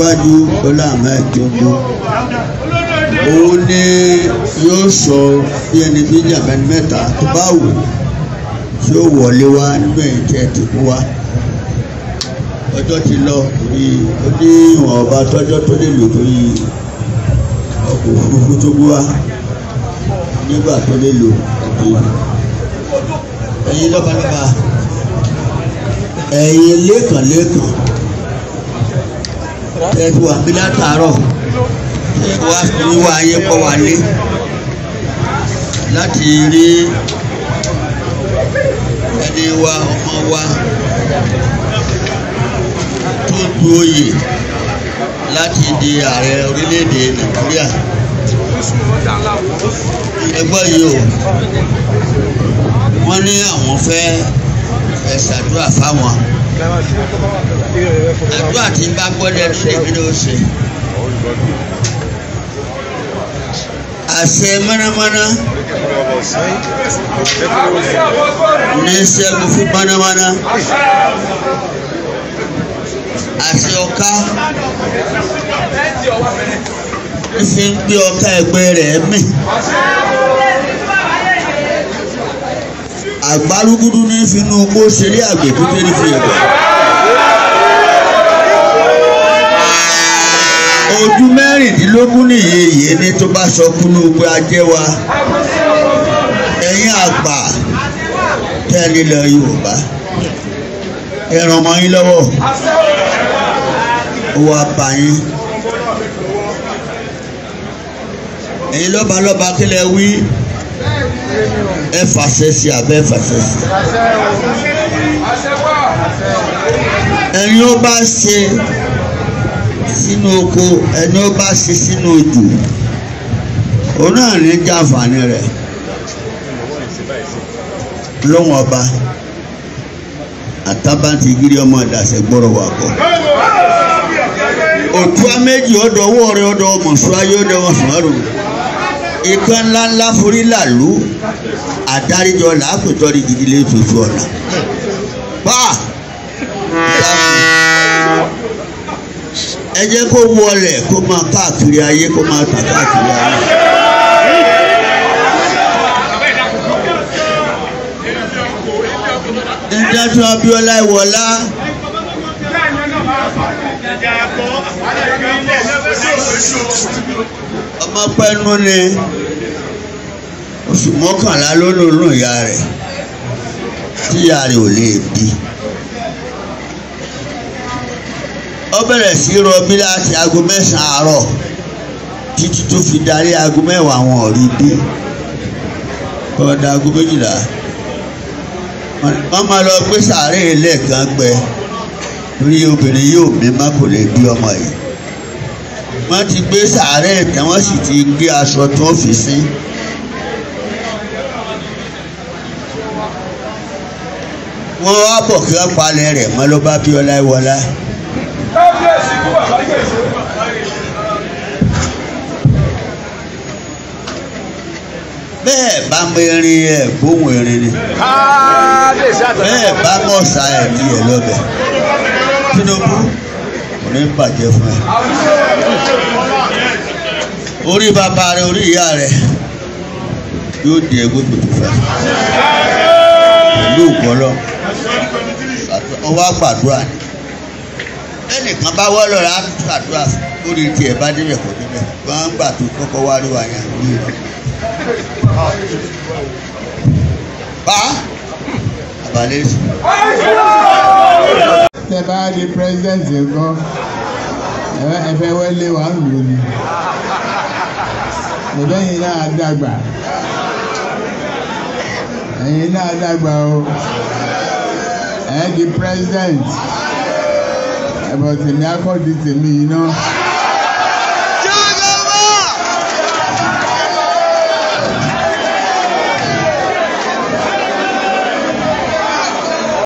síwájú Bọ́lá Ahmed Tinubu òun ni yóò sọ bí ẹni bí jàmbẹ́ni mẹ́ta tó bá wù tí wọlé wá nígbà yìí tẹ́ ti kú wá ọjọ́ ti lọ torí ó ọba tọ́jọ́ tó lè lò torí ọkọ̀ òfurufú tó gbé wá nígbà tó lè lò òkè ẹ̀yin lọ́balọ́ba ẹ̀yin lẹ́kànlẹ́kàn ẹrù àbí látàárọ̀ wá wíwá ayé pọ̀ wálé láti rí ẹni wa ọmọ wa tó du oyè láti di ààrẹ orílẹ̀-èdè Nàìjíríà ẹgbẹ́ yìí o wọ́n ní àwọn fẹ́ẹ́ ẹ ṣàdúrà fáwọn àdúrà tí ń bá gbọ́ lẹ́nu lèmi ló ṣe. àṣẹ mọ́nàmọ́ná ní ṣẹ́gun fún mọ́nàmọ́ná àṣẹ ọ̀ká ń fi ń gbé ọ̀ká ẹgbẹ́ rẹ̀ mì. àgbálúgúdú ní finú kó ṣeré àgbẹ̀ tó tẹ́lẹ̀ fi ẹ̀bẹ̀. ojú mẹ́rìndínlógún nìyẹn yìí ní tó bá sọ kúnú pé ajẹ́ wa ẹ̀yin àgbà tẹ́lẹ̀ Yorùbá ẹ̀ràn ọmọ yín lọ́wọ́ wà bá yín. ẹ̀yin lọ́balọ́ba kílẹ̀ wí ẹ fàṣẹ sí abẹ́ fàṣẹ sí. ẹni ó bá ṣe sínú oko ẹni ó bá ṣe sínú odò òun náà ní jàǹfààní rẹ̀ lóhùn ọba àtàbàtì gírí ọmọ ìdàsẹ̀ gbọ́rọ̀ wà bọ̀ òtún méjì ọ̀dọ̀ owó rẹ̀ ọ̀dọ̀ mọ̀ṣúáyé ọ̀dọ̀ mọ̀ṣúárò ìkan ńláńlá forí làlú àdáríjọ làákùtọ́ rí gidi lè tutù ọ̀nà pa ẹ jẹ́ kó wọlé kó máa káàkiri ayé kó máa tà káàkiri ayé. ìdájọ́ Abíọ́lá Ìwọ̀lá ọmọ pẹ́nu ni oṣù mọ́kànlá ló lóyún ìyá rẹ̀ tíyá rẹ̀ ò lè bí ó bẹ̀rẹ̀ sí rọbí láti aago mẹ́sàn-án àárọ̀ títí tó fi darí aago mẹ́wàá àwọn ọ̀rí bí bọ́dà aago méjìlá wọ́n máa lọ gbé sàárè lẹ́ẹ̀kan pẹ́ torí obìnrin yóò mímá kò lè bí ọmọ yìí wọ́n ti gbé sàárẹ̀ tẹ́ wọ́n sì ti gbé aṣọ tó fi sí. wọ́n wá bọ̀ kí wọ́n palẹ̀ rẹ̀ mọ́ ló bá bí ọlá ìwọlá. bẹ́ẹ̀ bá mọ erin ẹ̀ bóhùn erin ni bẹ́ẹ̀ bá mọ̀ ọ̀sà ẹ̀ ní ẹ̀ lọ́bẹ̀ Tinubu ní bàjẹ́ fún ẹ. orí bàbá rẹ orí ìyá rẹ yóò di ẹgbẹ́ gbòdò fẹ́ pẹ̀lú ògbọ́lọ́ ọwọ́ àgbàdúrà ni ẹnìkan bá wọ́ lọ́ra àdúrà lórí tiẹ̀ bá débẹ̀ kò débẹ̀ gbọ́ngbà tó kọ́kọ́ wá ló wà yẹn ní di president nǹkan ẹ̀fẹ́ wẹ́lé wa ń lò ní ẹ̀fẹ́ yìí náà dàgbà ẹ̀yin náà dàgbà o ẹ̀ di president ẹ̀bọ̀tẹ̀mí akọ́ di tèmi yìí náà.